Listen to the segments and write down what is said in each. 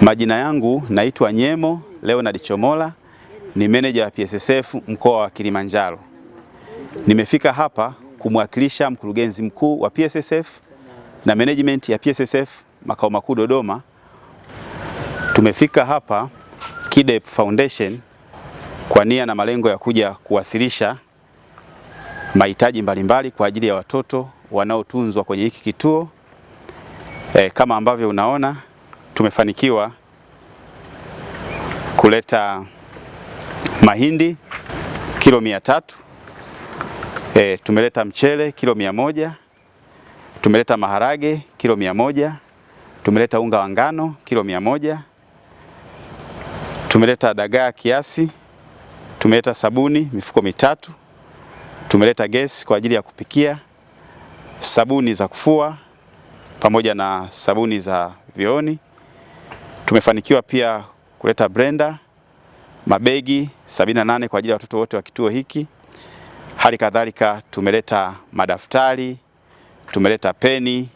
Majina yangu naitwa Nyemo Leonard Chomola, ni meneja wa pssf mkoa wa Kilimanjaro. Nimefika hapa kumwakilisha mkurugenzi mkuu wa pssf na management ya pssf makao makuu Dodoma. Tumefika hapa KIDEP Foundation kwa nia na malengo ya kuja kuwasilisha mahitaji mbalimbali kwa ajili ya watoto wanaotunzwa kwenye hiki kituo. E, kama ambavyo unaona tumefanikiwa kuleta mahindi kilo mia tatu e, tumeleta mchele kilo mia moja tumeleta maharage kilo mia moja tumeleta unga wa ngano kilo mia moja tumeleta dagaa kiasi, tumeleta sabuni mifuko mitatu, tumeleta gesi kwa ajili ya kupikia, sabuni za kufua pamoja na sabuni za vyooni. Tumefanikiwa pia kuleta brenda mabegi 78 kwa ajili ya watoto wote wa kituo hiki. Hali kadhalika tumeleta madaftari, tumeleta peni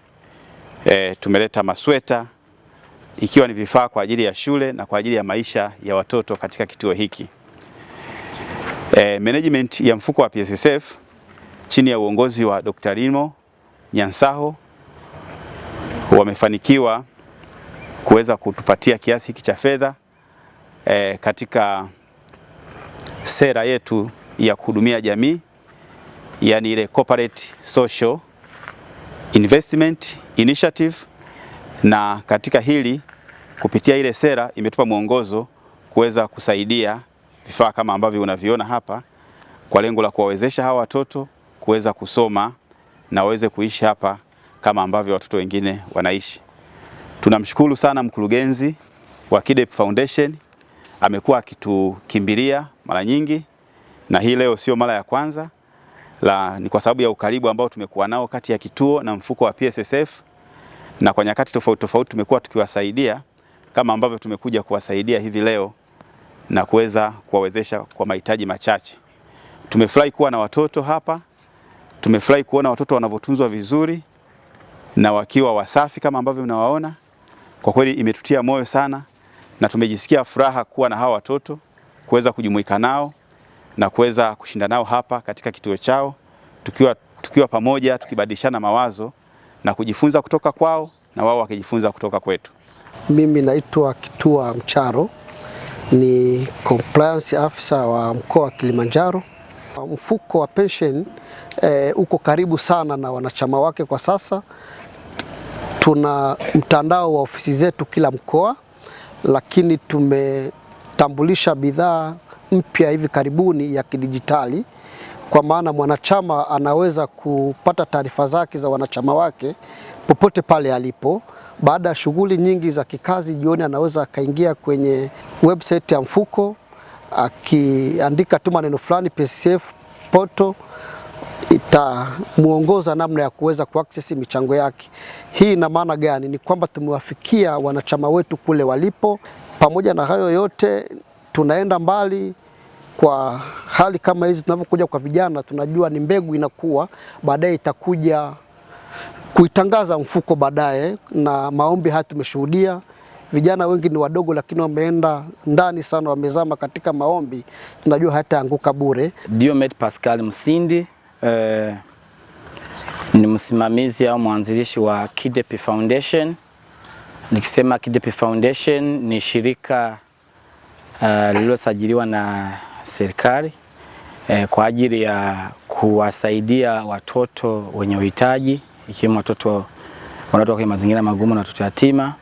e, tumeleta masweta ikiwa ni vifaa kwa ajili ya shule na kwa ajili ya maisha ya watoto katika kituo hiki. E, management ya mfuko wa pssf chini ya uongozi wa Dr. Limo Nyansaho wamefanikiwa kuweza kutupatia kiasi hiki cha fedha e, katika sera yetu ya kuhudumia jamii, yani ile corporate social investment initiative. Na katika hili kupitia ile sera imetupa mwongozo kuweza kusaidia vifaa kama ambavyo unaviona hapa kwa lengo la kuwawezesha hawa watoto kuweza kusoma na waweze kuishi hapa kama ambavyo watoto wengine wanaishi. Tunamshukuru sana mkurugenzi wa KIDEP Foundation, amekuwa akitukimbilia mara nyingi, na hii leo sio mara ya kwanza la, ni kwa sababu ya ukaribu ambao tumekuwa nao kati ya kituo na mfuko wa PSSF, na kwa nyakati tofauti tofauti tumekuwa tukiwasaidia kama ambavyo tumekuja kuwasaidia hivi leo na kuweza kuwawezesha kwa mahitaji machache. Tumefurahi kuwa na watoto hapa, tumefurahi kuona watoto wanavyotunzwa vizuri na wakiwa wasafi kama ambavyo mnawaona, kwa kweli imetutia moyo sana na tumejisikia furaha kuwa na hawa watoto kuweza kujumuika nao na kuweza kushinda nao hapa katika kituo chao tukiwa, tukiwa pamoja tukibadilishana mawazo na kujifunza kutoka kwao na wao wakijifunza kutoka kwetu. Mimi naitwa Kitua Mcharo, ni compliance afisa wa mkoa wa Kilimanjaro. Mfuko wa pension eh, uko karibu sana na wanachama wake kwa sasa. Tuna mtandao wa ofisi zetu kila mkoa, lakini tumetambulisha bidhaa mpya hivi karibuni ya kidijitali, kwa maana mwanachama anaweza kupata taarifa zake za wanachama wake popote pale alipo. Baada ya shughuli nyingi za kikazi jioni, anaweza akaingia kwenye website ya mfuko akiandika tu maneno fulani PCF poto itamwongoza namna ya kuweza kuaccess michango yake. Hii ina maana gani? Ni kwamba tumewafikia wanachama wetu kule walipo. Pamoja na hayo yote, tunaenda mbali kwa hali kama hizi tunavyokuja kwa vijana, tunajua ni mbegu inakuwa, baadaye itakuja kuitangaza mfuko baadaye. Na maombi haya tumeshuhudia vijana wengi ni wadogo, lakini wameenda ndani sana, wamezama katika maombi, tunajua hataanguka bure. Diomed Pascal Msindi eh, ni msimamizi au mwanzilishi wa Kidepi Foundation. Nikisema Kidepi Foundation ni shirika eh, lililosajiliwa uh, na serikali eh, kwa ajili ya kuwasaidia watoto wenye uhitaji ikiwemo watoto wanaotoka kwenye mazingira magumu na watoto yatima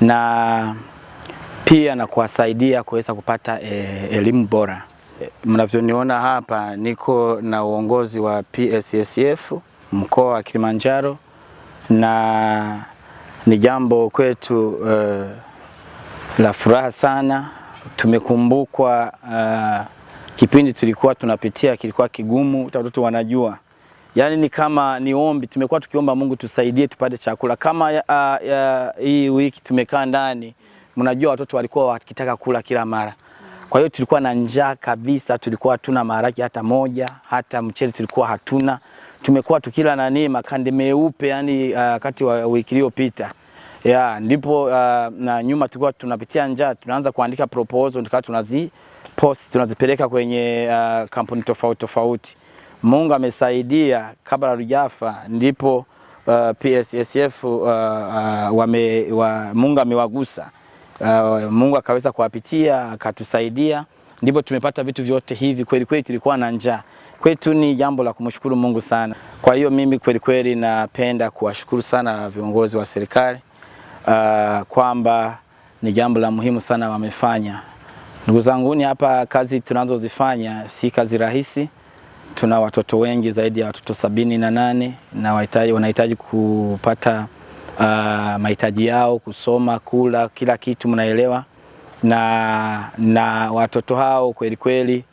na pia na kuwasaidia kuweza kupata eh, elimu bora mnavyoniona hapa niko na uongozi wa PSSF mkoa wa Kilimanjaro na ni jambo kwetu uh, la furaha sana. Tumekumbukwa uh, kipindi tulikuwa tunapitia kilikuwa kigumu, watoto wanajua, yani ni kama ni ombi, tumekuwa tukiomba Mungu tusaidie tupate chakula kama ya, uh, eh, hii wiki tumekaa ndani, mnajua watoto walikuwa wakitaka kula kila mara kwa hiyo tulikuwa na njaa kabisa, tulikuwa hatuna maharaki hata moja, hata mchele tulikuwa hatuna. Tumekuwa tukila nani makande meupe yani, uh, kati wa wiki iliyopita ya ndipo uh, na nyuma tulikuwa tunapitia njaa, tunaanza kuandika proposal tukawa tunazi post tunazipeleka kwenye uh, kampuni tofauti tofauti. Mungu amesaidia, kabla hatujafa ndipo uh, PSSF uh, uh, wame, wa, Mungu amewagusa uh, Mungu akaweza kuwapitia akatusaidia, ndipo tumepata vitu vyote hivi. Kweli kweli tulikuwa na njaa, kwetu ni jambo la kumshukuru Mungu sana. Kwa hiyo mimi kweli kweli napenda kuwashukuru sana viongozi wa serikali uh, kwamba ni jambo la muhimu sana wamefanya. Ndugu ni hapa kazi tunazozifanya si kazi rahisi. Tuna watoto wengi zaidi ya watoto sabini na nane na wanahitaji kupata uh, mahitaji yao, kusoma, kula, kila kitu mnaelewa, na, na watoto hao kweli kweli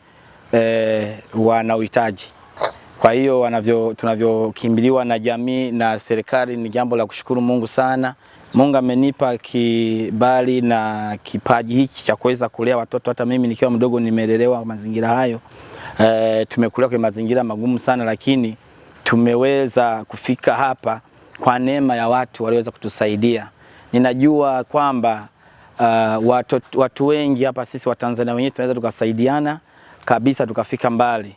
eh, wana uhitaji. Kwa hiyo wanavyo tunavyokimbiliwa na jamii na serikali ni jambo la kushukuru Mungu sana. Mungu amenipa kibali na kipaji hiki cha kuweza kulea watoto. Hata mimi nikiwa mdogo nimelelewa mazingira hayo. E, eh, tumekulia kwenye mazingira magumu sana, lakini tumeweza kufika hapa kwa neema ya watu walioweza kutusaidia. Ninajua kwamba uh, watu, watu wengi hapa sisi Watanzania wenyewe tunaweza tukasaidiana kabisa tukafika mbali.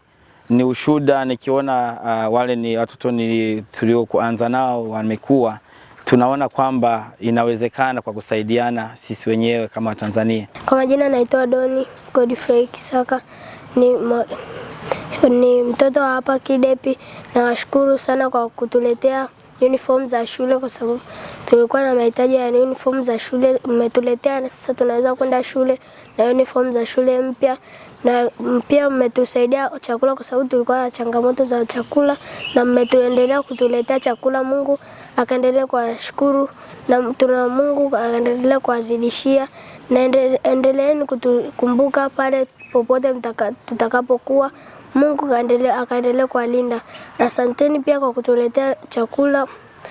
Ni ushuda nikiona uh, wale ni watoto ni tuliokuanza nao wamekuwa tunaona kwamba inawezekana kwa kusaidiana sisi wenyewe kama Tanzania. Kwa majina naitwa Doni Godfrey Kisaka ni, ma, ni mtoto wa hapa Kidepi. Nawashukuru sana kwa kutuletea uniform za shule, kwa sababu tulikuwa na mahitaji ya uniform za shule. Mmetuletea na sasa tunaweza kwenda shule na uniform za shule mpya, na pia mmetusaidia chakula, kwa sababu tulikuwa na changamoto za chakula, na mmetuendelea kutuletea chakula. Mungu akaendelea kuwashukuru, na tuna Mungu akaendelea kuwazidishia, na endeleeni kutukumbuka pale popote tutakapokuwa. Mungu akaendelea kuwalinda. Asanteni pia kwa kutuletea chakula,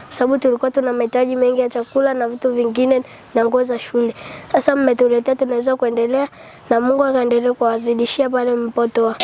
sababu tulikuwa tuna mahitaji mengi ya chakula na vitu vingine na nguo za shule. Sasa mmetuletea, tunaweza kuendelea na Mungu akaendelea kuwazidishia pale mlipotoa.